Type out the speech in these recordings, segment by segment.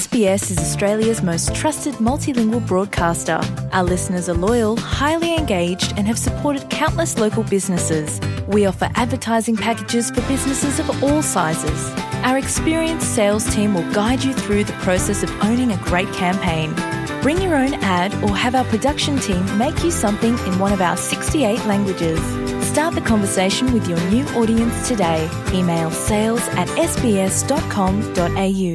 SBS is Australia's most trusted multilingual broadcaster. Our listeners are loyal, highly engaged, and have supported countless local businesses. We offer advertising packages for businesses of all sizes. Our experienced sales team will guide you through the process of owning a great campaign. Bring your own ad or have our production team make you something in one of our 68 languages. Start the conversation with your new audience today. Email sales at sbs.com.au.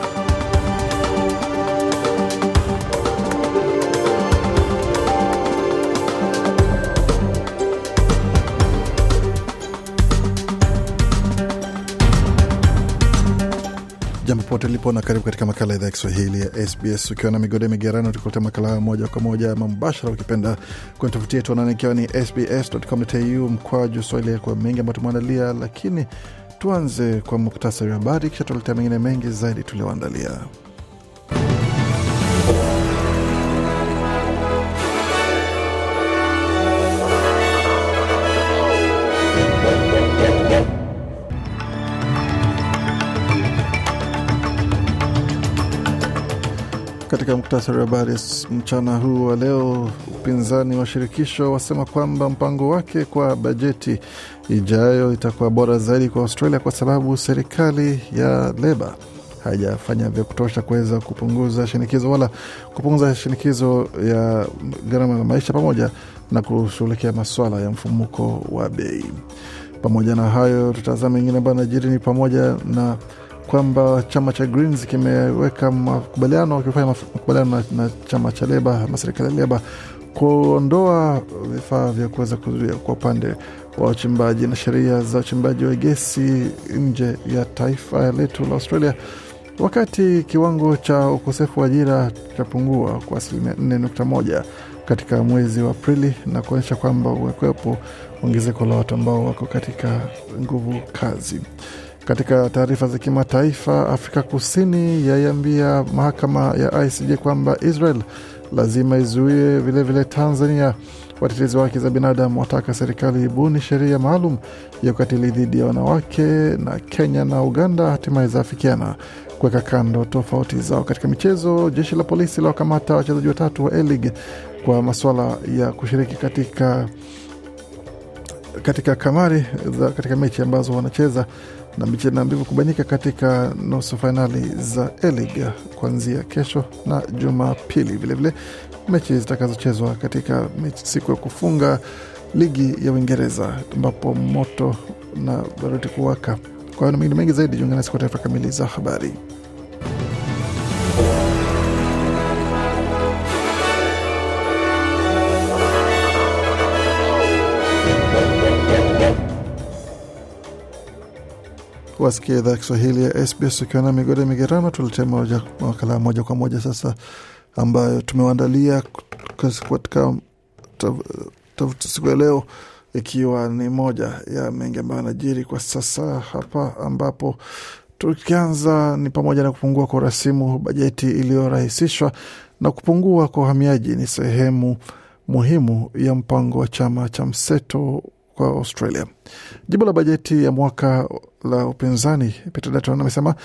Jambo pote lipo na karibu katika makala idhaa ya Kiswahili ya SBS ukiwa na migode migerano, tukuletea makala haya moja kwa moja ama mubashara ukipenda kwenye tovuti yetu anaone, ikiwa ni sbs.com.au mkwaju swahili kwa mengi ambayo tumeandalia, lakini tuanze kwa muktasari wa habari, kisha tuletea mengine mengi zaidi tulioandalia. katika muktasari wa habari mchana huu wa leo, upinzani wa shirikisho wasema kwamba mpango wake kwa bajeti ijayo itakuwa bora zaidi kwa Australia kwa sababu serikali ya Leba haijafanya vya kutosha kuweza kupunguza shinikizo wala kupunguza shinikizo ya gharama la maisha pamoja na kushughulikia maswala ya mfumuko wa bei. Pamoja na hayo, tutazama mengine ambayo najiri ni pamoja na kwamba chama cha Greens kimeweka makubaliano, kimefanya makubaliano na, na chama cha Leba ama serikali ya Leba kuondoa vifaa vya kuweza kuzuia kwa upande wa wachimbaji na sheria za uchimbaji wa gesi nje ya taifa letu la Australia, wakati kiwango cha ukosefu wa ajira chapungua kwa asilimia 4.1 katika mwezi wa Aprili na kuonyesha kwamba umekuwepo ongezeko la watu ambao wako katika nguvu kazi. Katika taarifa za kimataifa, Afrika Kusini yaiambia mahakama ya ICJ kwamba Israel lazima izuie vilevile Tanzania. Watetezi wa haki za binadamu wataka serikali ibuni sheria maalum ya ukatili dhidi ya wanawake, na Kenya na Uganda hatimaye zaafikiana kuweka kando tofauti zao. Katika michezo, jeshi la polisi la wakamata wachezaji watatu wa A-League kwa masuala ya kushiriki katika katika kamari za katika mechi ambazo wanacheza na mechi na mbivu kubanyika katika nusu fainali za e kuanzia kesho na Jumapili. Vilevile mechi zitakazochezwa katika mechi siku ya kufunga ligi ya Uingereza ambapo moto na baruti kuwaka. Kwa hiyo na mengine mengi zaidi, jiunga kwa taarifa kamili za habari. wasikia idhaa Kiswahili ya SBS ukiwa na migode migerano. Tuletea makala moja kwa moja sasa ambayo tumewaandalia katika siku ya leo, ikiwa ni moja ya mengi ambayo anajiri kwa sasa hapa, ambapo tukianza ni pamoja na kupungua kwa urasimu, bajeti iliyorahisishwa na kupungua kwa uhamiaji ni sehemu muhimu ya mpango wa chama cha mseto kwa Australia. Jibu la bajeti ya mwaka la upinzani Peter Dutton amesema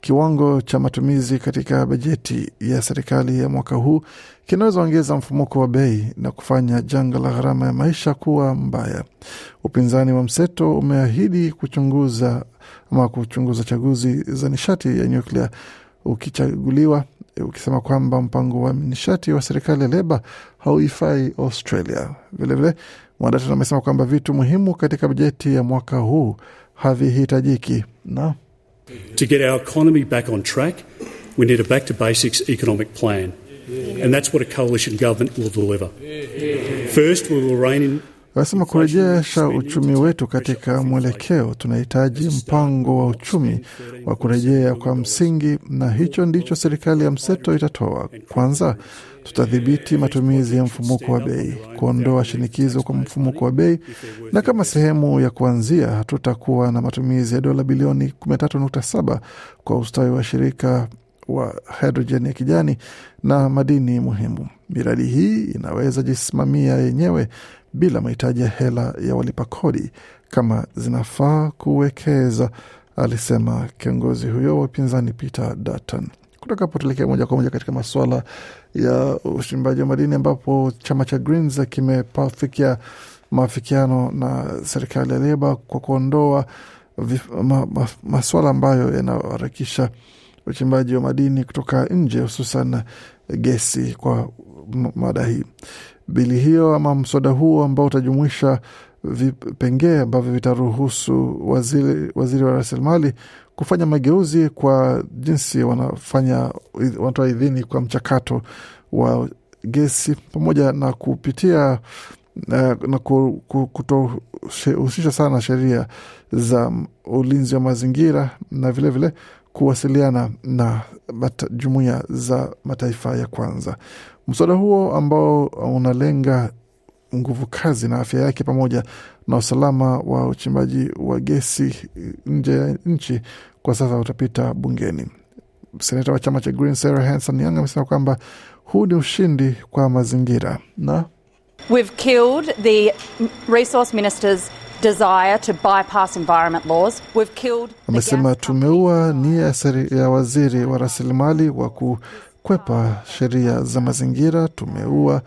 kiwango cha matumizi katika bajeti ya serikali ya mwaka huu kinaweza ongeza mfumuko wa bei na kufanya janga la gharama ya maisha kuwa mbaya. Upinzani wa mseto umeahidi kuchunguza ama kuchunguza chaguzi za nishati ya nyuklia ukichaguliwa, ukisema kwamba mpango wa nishati wa serikali ya Leba hauifai Australia. Vilevile, Mwandatana amesema kwamba vitu muhimu katika bajeti ya mwaka huu havihitajiki. Naam. To get our economy back on track, we need a back to basics economic plan. And that's what a coalition government will deliver. First, we will rein in Wanasema kurejesha uchumi wetu katika mwelekeo, tunahitaji mpango wa uchumi wa kurejea kwa msingi, na hicho ndicho serikali ya mseto itatoa. Kwanza, tutadhibiti matumizi ya mfumuko wa bei, kuondoa shinikizo kwa mfumuko wa bei, na kama sehemu ya kuanzia, hatutakuwa na matumizi ya dola bilioni 13.7 kwa ustawi wa shirika wa hidrojeni ya kijani na madini muhimu. Miradi hii inaweza jisimamia yenyewe bila mahitaji ya hela ya walipa kodi kama zinafaa kuwekeza, alisema kiongozi huyo wa upinzani Peter Dutton. Kutoka tuelekea moja kwa moja katika masuala ya uchimbaji wa madini ambapo chama cha Greens kimepafikia maafikiano na serikali ya Leba kwa kuondoa ma, ma, masuala ambayo yanaharakisha uchimbaji wa madini kutoka nje hususan gesi kwa mada hii bili hiyo ama mswada huo ambao utajumuisha vipengee ambavyo vitaruhusu waziri, waziri wa rasilimali kufanya mageuzi kwa jinsi wanafanya wanatoa idhini kwa mchakato wa gesi pamoja na kupitia eh, na, kutohusisha sana sheria za ulinzi wa mazingira na vilevile vile kuwasiliana na jumuiya za mataifa ya kwanza. Mswada huo ambao unalenga nguvu kazi na afya yake pamoja na usalama wa uchimbaji wa gesi nje ya nchi kwa sasa utapita bungeni. Seneta wa chama cha Green Sarah Hanson Young amesema kwamba huu ni ushindi kwa mazingira na We've killed the resource minister's desire to bypass environment laws. We've killed amesema tumeua nia ya waziri wa rasilimali wa ku kukwepa sheria za mazingira. Tumeua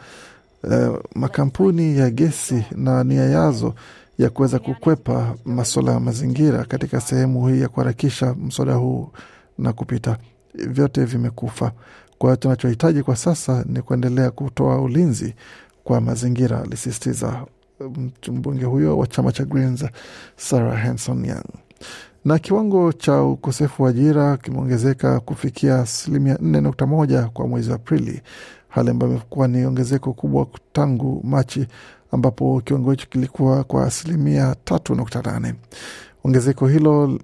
eh, makampuni ya gesi na nia yazo ya kuweza kukwepa masuala ya mazingira katika sehemu hii ya kuharakisha mswada huu na kupita, vyote vimekufa. Kwa hiyo tunachohitaji kwa sasa ni kuendelea kutoa ulinzi kwa mazingira, alisisitiza mm, mbunge huyo wa chama cha Greens Sarah Hanson Young na kiwango cha ukosefu wa ajira kimeongezeka kufikia asilimia 4.1 kwa mwezi Aprili, hali ambayo imekuwa ni ongezeko kubwa tangu Machi ambapo kiwango hicho kilikuwa kwa asilimia 3.8. Ongezeko hilo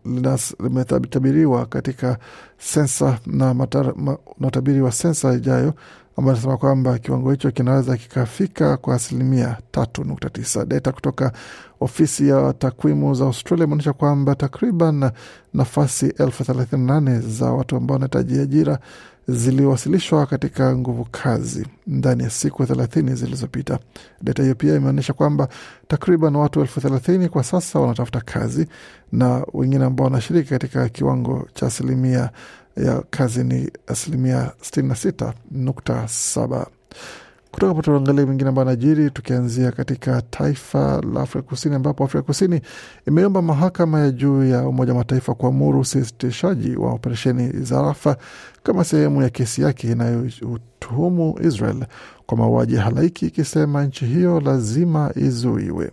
limetabiriwa katika sensa na utabiri wa sensa ijayo ambao anasema kwamba kiwango hicho kinaweza kikafika kwa asilimia tatu nukta tisa. Data kutoka ofisi ya takwimu za Australia imeonyesha kwamba takriban nafasi elfu thelathini na nane za watu ambao wanahitaji ajira ziliwasilishwa katika nguvu kazi ndani ya siku thelathini zilizopita. Data hiyo pia imeonyesha kwamba takriban watu elfu thelathini kwa sasa wanatafuta kazi na wengine ambao wanashiriki katika kiwango cha asilimia ya kazi ni asilimia 66.7. Kutoka hapo tuangalie mengine ambayo anajiri, tukianzia katika taifa la Afrika Kusini, ambapo Afrika Kusini imeomba mahakama ya juu ya Umoja wa Mataifa kuamuru usitishaji wa operesheni za Rafa kama sehemu ya kesi yake inayotuhumu Israel kwa mauaji halaiki, ikisema nchi hiyo lazima izuiwe.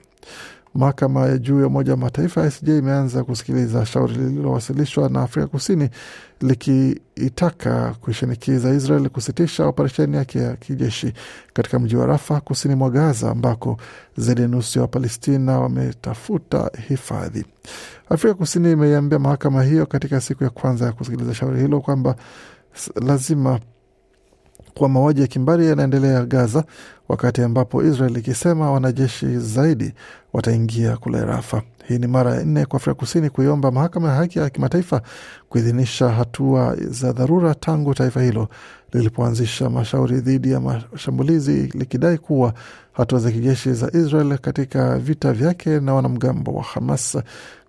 Mahakama ya juu ya Umoja wa Mataifa ICJ imeanza kusikiliza shauri lililowasilishwa na Afrika Kusini likiitaka kuishinikiza Israel kusitisha operesheni yake ya kijeshi katika mji wa Rafa kusini mwa Gaza ambako zaidi ya nusu ya Wapalestina wametafuta hifadhi. Afrika Kusini imeiambia mahakama hiyo katika siku ya kwanza ya kusikiliza shauri hilo kwamba lazima kuwa mauaji ya kimbari yanaendelea Gaza, wakati ambapo Israel ikisema wanajeshi zaidi wataingia kule Rafa. Hii ni mara ya nne kwa Afrika Kusini kuiomba mahakama ya haki ya kimataifa kuidhinisha hatua za dharura tangu taifa hilo lilipoanzisha mashauri dhidi ya mashambulizi likidai kuwa hatua za kijeshi za Israel katika vita vyake na wanamgambo wa Hamas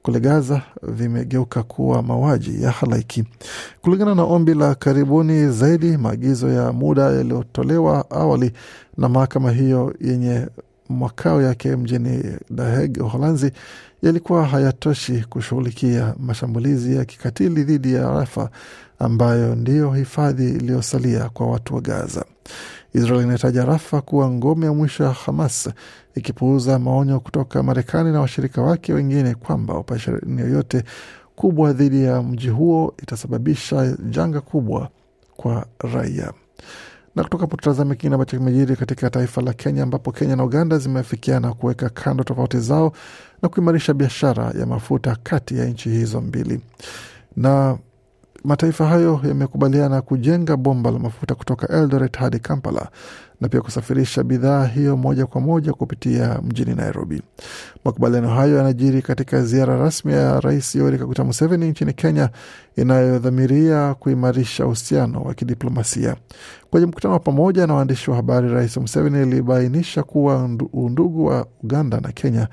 kule Gaza vimegeuka kuwa mauaji ya halaiki. Kulingana na ombi la karibuni zaidi, maagizo ya muda yaliyotolewa awali na mahakama hiyo yenye makao yake mjini Daheg, Uholanzi, yalikuwa hayatoshi kushughulikia mashambulizi ya kikatili dhidi ya Rafa ambayo ndiyo hifadhi iliyosalia kwa watu wa Gaza. Israel inataja Rafa kuwa ngome ya mwisho ya Hamas, ikipuuza maonyo kutoka Marekani na washirika wake wengine kwamba operesheni yoyote kubwa dhidi ya mji huo itasababisha janga kubwa kwa raia. Na kutoka po tutazame kingine ambacho kimejiri katika taifa la Kenya, ambapo Kenya na Uganda zimeafikiana kuweka kando tofauti zao na kuimarisha biashara ya mafuta kati ya nchi hizo mbili na mataifa hayo yamekubaliana kujenga bomba la mafuta kutoka Eldoret hadi Kampala na pia kusafirisha bidhaa hiyo moja kwa moja kupitia mjini Nairobi. Makubaliano hayo yanajiri katika ziara rasmi ya Rais Yoweri Kaguta Museveni nchini Kenya inayodhamiria kuimarisha uhusiano wa kidiplomasia. Kwenye mkutano wa pamoja na waandishi wa habari, Rais Museveni alibainisha kuwa undugu wa Uganda na Kenya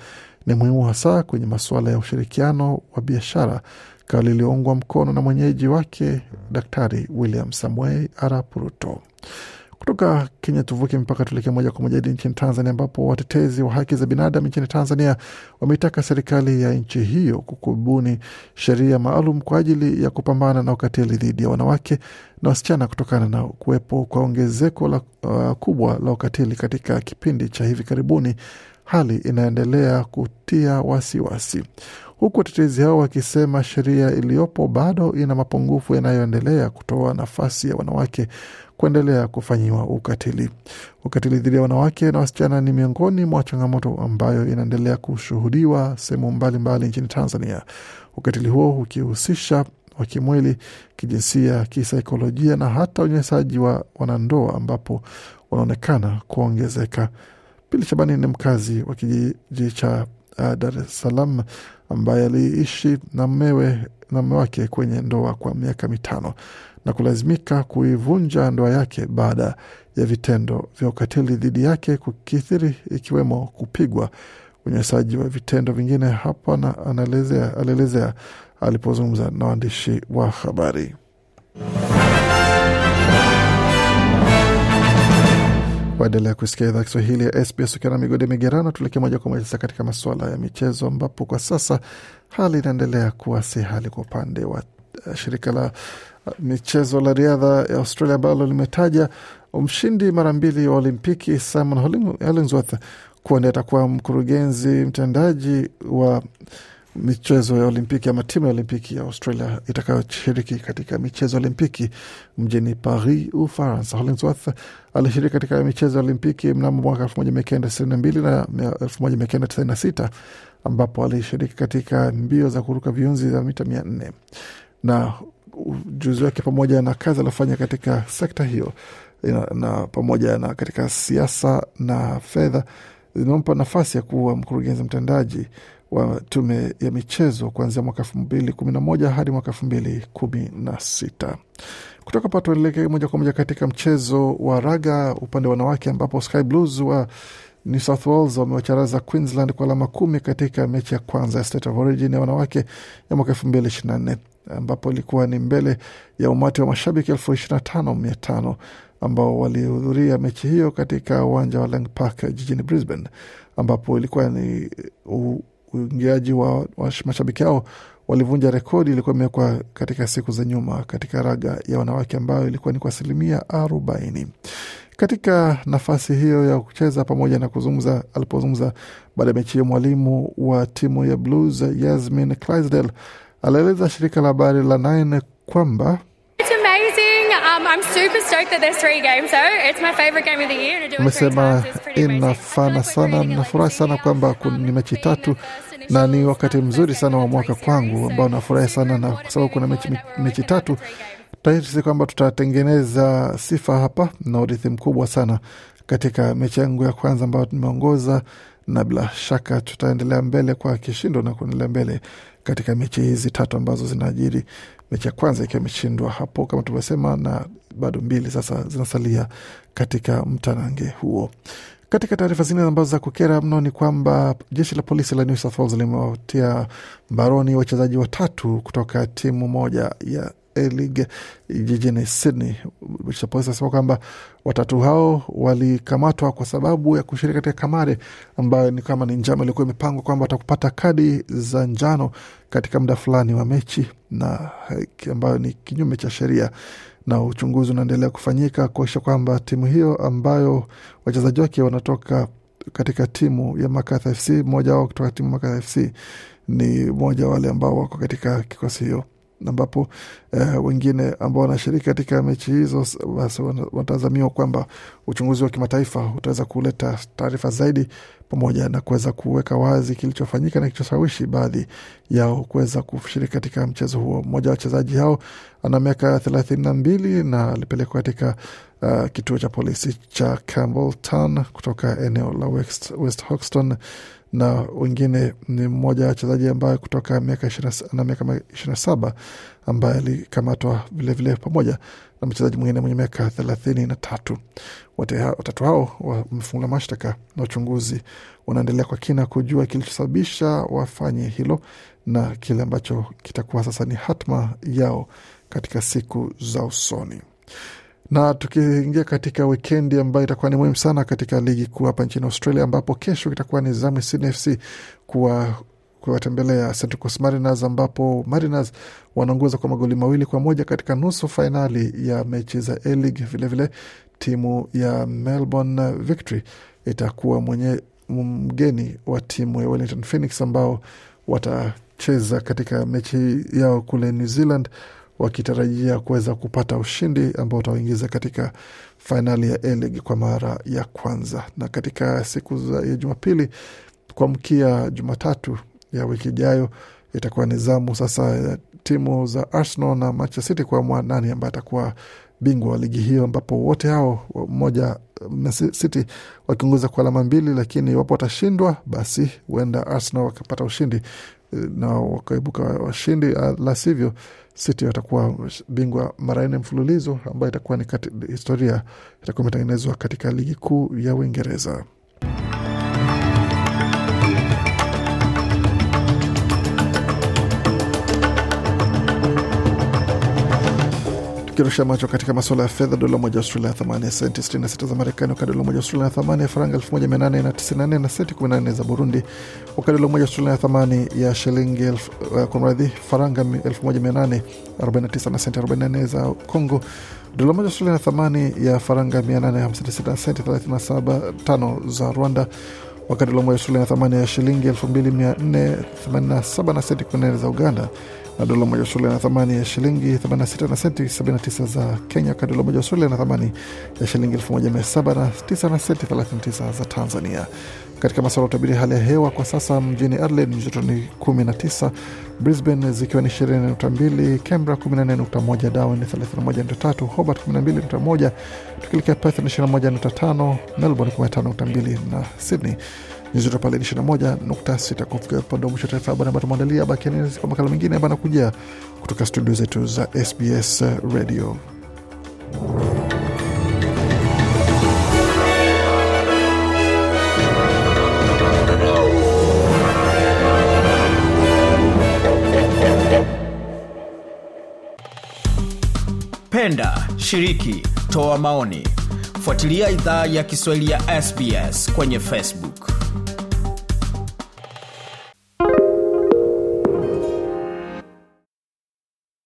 ni muhimu hasa kwenye masuala ya ushirikiano wa biashara shirika lililoungwa mkono na mwenyeji wake Daktari William Samuel Arap Ruto. Kutoka Kenya tuvuke mpaka tuelekee moja kwa moja hadi nchini Tanzania, ambapo watetezi wa haki za binadamu nchini Tanzania wameitaka serikali ya nchi hiyo kukubuni sheria maalum kwa ajili ya kupambana na ukatili dhidi ya wanawake na wasichana kutokana na kuwepo kwa ongezeko la, uh, kubwa la ukatili katika kipindi cha hivi karibuni, hali inaendelea kutia wasiwasi wasi huku watetezi hao wakisema sheria iliyopo bado ina mapungufu yanayoendelea kutoa nafasi ya wanawake kuendelea kufanyiwa ukatili. Ukatili dhidi ya wanawake na wasichana ni miongoni mwa changamoto ambayo inaendelea kushuhudiwa sehemu mbalimbali nchini Tanzania, ukatili huo ukihusisha wa kimwili, kijinsia, kisaikolojia na hata unyanyasaji wa wanandoa ambapo wanaonekana kuongezeka. Pili Shabani ni mkazi wa kijiji cha uh, Dar es Salaam ambaye aliishi na mmewe na mme wake kwenye ndoa kwa miaka mitano na kulazimika kuivunja ndoa yake baada ya vitendo vya ukatili dhidi yake kukithiri, ikiwemo kupigwa, unyanyasaji wa vitendo vingine. Hapa na anaelezea alielezea alipozungumza na waandishi wa habari Waendelea kusikia idhaa Kiswahili ya SBS ukiwa na migode migerano. Tuelekee moja kwa moja sasa katika masuala ya michezo, ambapo kwa sasa hali inaendelea kuwa si hali kwa upande wa eh, shirika la eh, michezo la riadha ya Australia ambalo limetaja mshindi mara mbili wa Olimpiki Simon Hollingsworth kuwa ndiye atakuwa mkurugenzi mtendaji wa michezo ya Olimpiki ama timu ya Olimpiki ya Australia itakayoshiriki katika michezo ya Olimpiki mjini Paris, Ufaransa. Hollingsworth alishiriki katika michezo ya Olimpiki mnamo mwaka 1992 na sita ambapo alishiriki katika mbio za kuruka viunzi za mita nne na ujuzi wake pamoja na kazi aliofanya katika sekta hiyo na pamoja na katika siasa na fedha zinampa nafasi ya kuwa mkurugenzi mtendaji wa tume ya michezo kuanzia mwaka elfu mbili kumi na moja hadi mwaka elfu mbili kumi na sita. Kutoka pa tuelekee moja kwa moja katika mchezo wa raga upande wa wanawake ambapo Sky Blues wa New South Wales wamewacharaza Queensland kwa alama kumi katika mechi ya kwanza ya State of Origin ya wanawake ya mwaka elfu mbili ishirini na nne ambapo ilikuwa ni mbele ya umati wa mashabiki elfu ishirini na tano mia tano ambao walihudhuria mechi hiyo katika uwanja wa Lang Park jijini Brisbane, ambapo ilikuwa ni uingiaji wa, wa mashabiki hao walivunja rekodi ilikuwa imewekwa katika siku za nyuma katika raga ya wanawake ambayo ilikuwa ni kwa asilimia arobaini. Katika nafasi hiyo ya kucheza pamoja na kuzungumza, alipozungumza baada ya mechi hiyo, mwalimu wa timu ya Blues Yasmin Clydesdale alieleza shirika la habari la Nine kwamba Um, Amesema inafana sana, nafurahi sana kwamba um, ni mechi tatu na ni wakati mzuri sana wa mwaka kwangu ambao nafurahi sana na kwa sababu kuna mechi, mechi tatu tahisi kwamba tutatengeneza sifa hapa na urithi mkubwa sana katika mechi yangu ya kwanza ambayo tumeongoza na bila shaka tutaendelea mbele kwa kishindo na kuendelea mbele katika mechi hizi tatu ambazo zinaajiri mechi ya kwanza ikiwa imeshindwa hapo kama tumesema, na bado mbili sasa zinasalia katika mtanange huo. Katika taarifa zingine ambazo za kukera mno ni kwamba jeshi la polisi la New South Wales limewatia mbaroni wachezaji watatu kutoka timu moja ya A-League jijini Sydney British polisi anasema kwamba watatu hao walikamatwa kwa sababu ya kushiriki katika kamare ambayo ni kama ni njama ilikuwa imepangwa kwamba watakupata kadi za njano katika muda fulani wa mechi na ambayo ni kinyume cha sheria na uchunguzi unaendelea kufanyika kuakisha kwamba timu hiyo ambayo wachezaji wake wanatoka katika timu ya Makadha FC, mmoja wao kutoka timu Makadha FC ni mmoja wale ambao wako katika kikosi hiyo ambapo eh, wengine ambao wanashiriki katika mechi hizo basi wanatazamiwa kwamba uchunguzi wa kimataifa utaweza kuleta taarifa zaidi pamoja na kuweza kuweka wazi kilichofanyika na kilichoshawishi baadhi yao kuweza kushiriki katika mchezo huo. Mmoja wa wachezaji hao ana miaka thelathini na mbili na alipelekwa katika uh, kituo cha polisi cha Campbelltown kutoka eneo la West, West Hoxton na wengine ni mmoja wa wachezaji ambaye kutoka miaka na miaka ishirini na saba ambaye alikamatwa vilevile pamoja na mchezaji mwingine mwenye miaka thelathini na tatu. Watatu hao wamefungula mashtaka na uchunguzi wanaendelea kwa kina kujua kilichosababisha wafanye hilo na kile ambacho kitakuwa sasa ni hatma yao katika siku za usoni na tukiingia katika wikendi ambayo itakuwa ni muhimu sana katika ligi kuu hapa nchini Australia, ambapo kesho itakuwa ni zamu Sydney FC kuwa kuwatembelea Central Coast Mariners ambapo Mariners wanaongoza kwa magoli mawili kwa moja katika nusu fainali ya mechi za A-League. Vilevile timu ya Melbourne Victory itakuwa mwenye mgeni wa timu ya Wellington Phoenix ambao watacheza katika mechi yao kule New Zealand wakitarajia kuweza kupata ushindi ambao utawaingiza katika fainali ya A-League kwa mara ya kwanza. Na katika siku za ya Jumapili kuamkia Jumatatu ya wiki ijayo itakuwa ni zamu sasa ya timu za Arsenal na Manchester City kuamua nani ambaye atakuwa bingwa wa ligi hiyo, ambapo wote hao mmoja na City wakiongoza kwa alama mbili, lakini iwapo watashindwa, basi huenda Arsenal wakapata ushindi na wakaibuka washindi, ah, la sivyo City watakuwa bingwa mara nne mfululizo, ambayo itakuwa ni historia itakuwa imetengenezwa katika ligi kuu ya Uingereza. Tukirusha macho katika masuala ya fedha, dola moja Australia ya thamani ya senti 66 za Marekani, wakati dola moja Australia ya thamani ya faranga 1894 na senti 14 za Burundi, wakati dola moja Australia ya thamani ya shilingi uh, mradhi faranga 1849 na senti 44 za Congo, dola moja Australia ya thamani ya faranga 856 na senti 37.5 za Rwanda wakati dola moja Australia na thamani ya shilingi 2487 na senti 14 za Uganda na dola moja Australia na thamani ya shilingi 86 na senti 79 za Kenya, wakati dola moja Australia na thamani ya shilingi 1709 na senti 39 za Tanzania. Katika masuala ya utabiri hali ya hewa kwa sasa, mjini Adelaide joto ni 19, Brisbane zikiwa ni 20.2, Canberra 14.1, Darwin 31.3, Hobart 12.1, tukielekea Perth 21.5, Melbourne 15.2 na Sydney ni pale 21.6 kufikia upande wa mwisho wa taarifa habari ambayo tumeandalia. Bakia nasi kwa makala mengine ambayo anakuja kutoka studio zetu za SBS Radio. Penda, shiriki, toa maoni. Fuatilia idhaa ya Kiswahili ya SBS kwenye Facebook.